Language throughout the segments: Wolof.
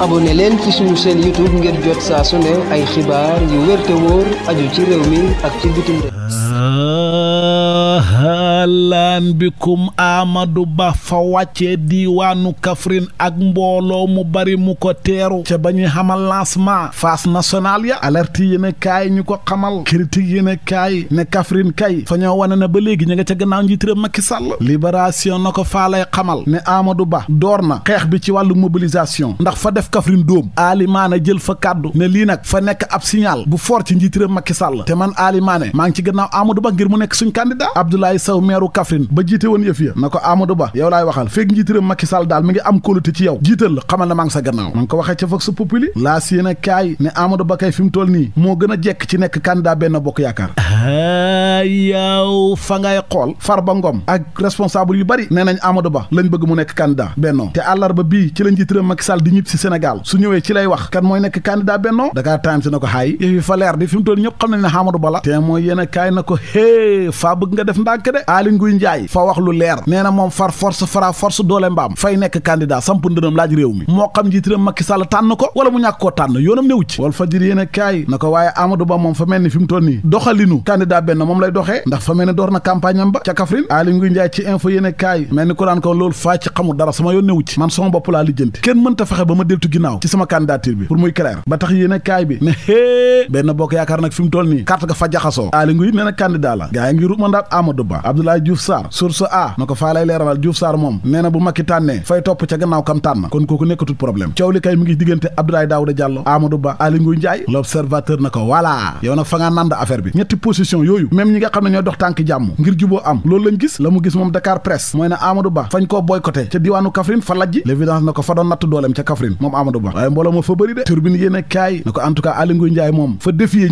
abonné leen ci suñu chaîne YouTube ngir jot saa su ay xibaar yu wér te aju ci réew mi ak ci bitim réew ah, ah. ahlan bikum Amadou Ba fa wàccee diiwaanu Kaffrine ak mbooloo mu bari mu ko teeru ca ba ñuy xamal lancement phase nationale ya alerte yéen kaay ñu ko xamal critique yéen kaay ne Kaffrine kay fa ñoo wane na ba léegi ña nga ca gannaaw njiiteram Macky Sall libération na ko faa lay xamal ne Amadou Ba door na xeex bi ci wàllu mobilisation ndax fa def Kaffrine dóom aalimaana jël fa kàddu ne lii nak fa nekk ab signal bu fort ci njiiteram Macky Sall te man aalimaane maa meeru Kaffrine ba jiite woon yëf ya na ko Amadou Ba yow laay waxal fekk njiitiram Macky daal mi ngi am kóolute ci yow jiital xamal na maa gannaaw ma ko waxee ca Vox Populi laa si yéen a kaay ne Amadou Ba kay fi mu toll nii moo gën a jekk ci nekk candidat benn bokk yaakaar ah, yow fa ngay xool far ba Ngom ak responsable yu bari nee nañ Amadou Ba lañ bëgg mu nekk candidat bennoo te àllarba bii ci la njiitiram Macky Sall di ñib si Sénégal su ñëwee ci lay wax kan mooy nekk candidat bennoo Dakar Times na ko xaay fi mu toll ñëpp xam nañ ne Amadou Ba mooy yéen a na ko hee faa bëgg nga def Aly Ngouille Ndiaye fa wax lu leer nee na moom far force fara force doole mbaam fay nekk candidat samp ndënam laaj réew mi moo xam njiitiram Macky Sall tànn ko wala mu ñàkk koo tànn yoonam newu ci Walfadjri yéen a kaay na ko waaye Amadou Ba moom fa mel ni fi mu toll nii doxalinu candidat benn moom lay doxee ndax fa mel ni door na campagne am ba ca Kaffrine Aly Ngouille Ndiaye ci info yéen a kaay mel ni ko naan loolu faa ci xamul dara sama yoon newu ci man sama kenn mënta fexe ba ma deltu ginnaaw ci sama candidature a kaay bi ne hee benn bokk yaakaar nag fi mu toll nii carte Abdoulaye Diouf Sarr source a na ko faa lay leeralal Diouf Sarr moom nee bu Macky tànnee fay topp ca gannaaw kam tànn kon kooku nekkatul problème coow li kay mi ngi diggante Abdoulaye Daouda Diallo Amadou Ba Aly Ngouille Ndiaye na ko voilà yow nag fa ngaa nànd affaire bi ñetti position yooyu même ñi nga xam ne ñoo dox tànk jàmm ngir juboo am loolu lañ gis la mu gis moom Dakar Presse mooy ne Amadou Ba fañ koo boycotté ko fa ca Kaffrine moom fa bëri de na ko fa défier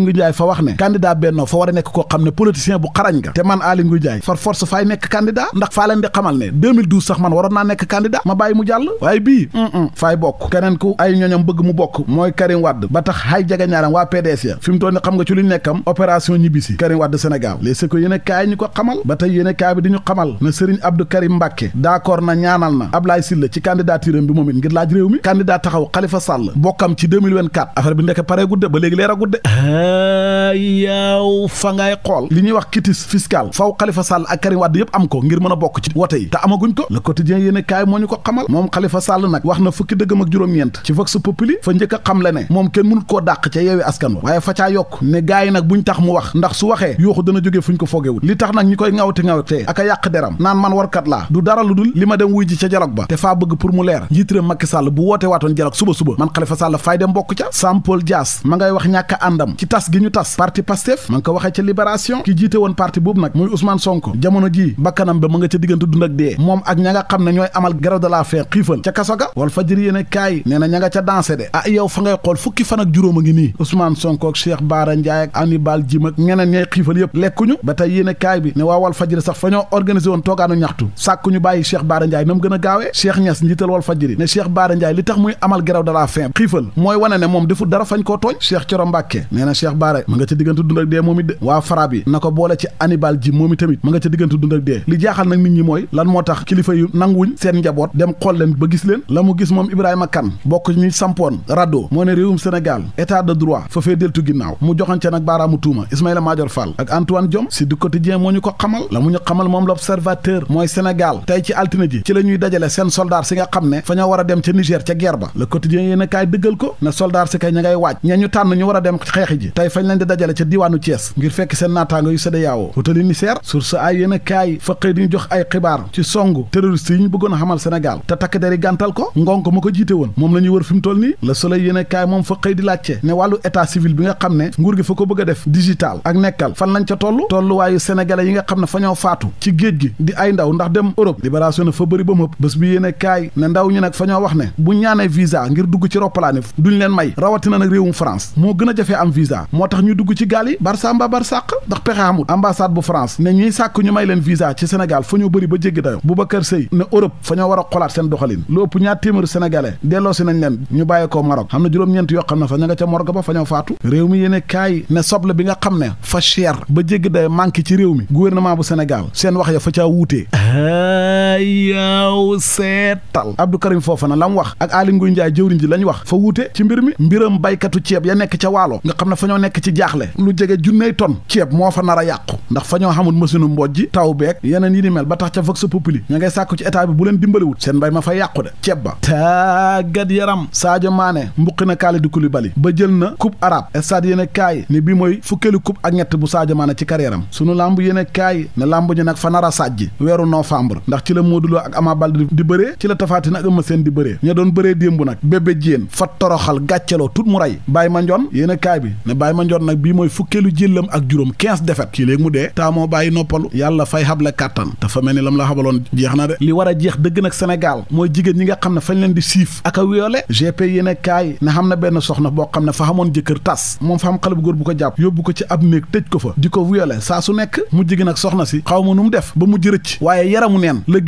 Aliou Ndiaye fa wax ne candidat bennoo fa war a nekk koo xam ne politicien bu xarañ nga te man Aliou Ndiaye far force faay nekk candidat ndax faa leen di xamal ne sax man waroon naa nekk candidat ma bàyyi mu jàll waaye bii faay bokk keneen ku ay ñoñom bëgg mu bokk mooy Karim Wade ba tax xay jegeñaaram waa PDS ya fi mu toll xam nga ci nekkam opération ñibbisi Karim Wade Sénégal les se ko kaay ñu ko xamal ba tey yéen kaay bi di ñu yaaw fa ngay xool li ñuy wax kitis fiscal faw Khalifa Sall ak Karim Wade yëpp am ko ngir mën a bokk ci wote yi te amaguñ ko le quotidien yéene kaay moo ñu ko xamal moom Khalifa Sall nag wax na fukki dëggam ak juróom-ñeent ci vox populi fa njëkk a xam le ne moom kenn mënul koo dàq ca yeewi askan wa waaye fa caa yokk ne gaay nag buñ tax mu wax ndax su waxee yooxu dana jógee fuñ ko foogewul li tax nag ñi koy ŋawte ŋawtee ak a yàq deram naan man warkat laa du dara ma dem wuy ji ca dialogue ba te faa bëgg mu leer njiit réew Macky Sall bu woote waatoon dialogue suba suba man Khalifa bokk ca ma ngay wax ñàkk àndam ci tas gi ñu tas parti Pastef ma ngi ko waxee ca libération ki jiite woon parti boobu nag muy Ousmane Sonko jamono ji bakkanam ba ma nga ca diggante dund ak dee moom ak ña nga xam ne ñooy amal grève de la faim xiifal ca kaso ga wal fajëri yéen kaay nee na ña nga ca dansé de ah yow fa ngay xool fukki fan ak juróom a ngi nii Ousmane Sonko ak Cheikh Bara Ndiaye ak Anibal Jim ak ñeneen ñay xiifal yëpp lekkuñu ba tey yéen kaay bi ne waa wal fajëri sax fa ñoo organisé ñu bàyyi Cheikh Bara Ndiaye nam gën a gaawee Cheikh Niass njiital wal fajëri ne Cheikh Bara Ndiaye li tax muy amal grève de la faim xiifal mooy wane ne Cheikh Baare ma nga ca diggante dund ak dee moom it de waa FRAPP na ko boole ci Hannibal ji moom i tamit mu nga ca diggante dund ak dee li jaaxal nag nit ñi mooy lan moo tax kilifa yu nanguwuñ seen njaboot dem xool leen ba gis leen la mu gis moom Ibrahima Kane bokk ñi sampoon rado moo ne réewum Sénégal état de droit fa fee deltu ginnaaw mu joxante nag baaraamu tuuma Ismaïla Madior Fall ak Antoine Diome si du quotidien moo ñu ko xamal la mu ñu xamal moom l'observateur mooy tey ci altine ji ci la ñuy dajale seen soldaar si nga xam ne fa war a dem ca Niger ca guerre ba le quotidien yéen ko ne soldaar si kay ña ngay waaj ña ñu war dem xeexi ji tey fañ leen di dajale ca diwaanu Thiès ngir fekk seen naataango yu CEDEAO wutali Niger source ay yéen a kaay fa xëy di ñu jox ay xibaar ci song terroriste yi ñu bëggoon a xamal Sénégal te takk der yi gàntal ko ngonk ma ko jiite woon moom la ñuy wër fi nii Le Soleil yéen a kaay moom fa xëy di laajte ne wàllu état civil bi nga xam ne nguur gi fa ko bëgg a def digital ak nekkal fan lañ ca toll tolluwaayu sénégalais yi nga xam ne fa na fa bëri ba mëpp a kaay ne ndaw ñu nag fa ñoo wax ne bu ñaanee visa ngir dugg a moo tax ñu dugg ci gaal yi barsa mba barsàq ndax pexe amul ambassade bu France ne ñuy sàkk ñu may leen visa ci Sénégal fa ñoo bëri ba jéggi dayo Boubacar Seye ne Europe fa ñoo war a xolaat seen doxalin lu ëpp ñaar téeméeri sénégalais delloo si nañ leen ñu bàyyi ko Maroc xam ne juróom-ñeent yoo na ne fa ña nga ca morgue ba fa ñoo faatu réew mi yéene kaay ne soble bi nga xam ne fa cher ba jéggi dayo manqué ci réew mi gouvernement bu Sénégal seen wax ya fa caa wuutee ah. yaaw seetal Abdou Karim Fofana la mu wax ak Aly Ngouille Ndiaye jëwriñ ji lañ wax fa wuute ci mbir mi mbiram baykatu ceeb ya nekk ca waalo nga xam ne fa ñoo nekk ci jaaxle lu jege junney ton ceeb moo fa nar a yàqu ndax fa ñoo xamul machine mboj ji taw beeg yeneen yi ni mel ba tax ca vox populi ña ngay sàkku ci état bi bu leen dimbaliwut seen mbay ma fa yàqu de ceeb ba tàggat yaram Sadio Mané mbuqi na Kalidou Koulibaly ba jël na coupe arabe stade yéen kaay ne bi mooy fukkeelu coupe ak ñett bu Sadio Mané ci carrière am sunu lamb yéen kaay ne lamb ñu nag a sàjji weeru novembre Modou Lo ak Ama Baldé di bëree ci la Tapha Tine ak Eumeu Sène di bëree ña doon bëree démb nag bébé jéen fa toroxal gàcceloo tut mu rey Baye Mandione yéen a kaay bi ne Baye Mandione nag bii mooy fukkeelu jëllam ak juróom quinze défaites kii léegi mu dee taamoo bàyyi noppalu yàlla fay xable kàttan dafa mel ni lam la xabaloon jeex na de li war a jeex dëgg nag Sénégal mooy jigéen ñi nga xam ne fañ leen di siif ak a wiole GP yéen a kaay ne xam na boo xam ne fa xamoon jëkkër tas moom fa xam xale góor bu ko jàpp yóbbu ko ci ab néeg tëj ko fa di ko wiole saa su nekk mujj gi nag soxna si xaw ma nu mu def ba mujj rëcc waaye yaramu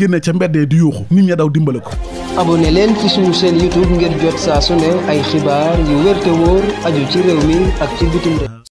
génnee ca mbeddee di yuuxu nit ña daw dimbale ko. abonné leen ci suñu chaîne YouTube ngir jot saa su ne ay xibaar yu wér te wóor aju ci réew mi ak ci bitim réew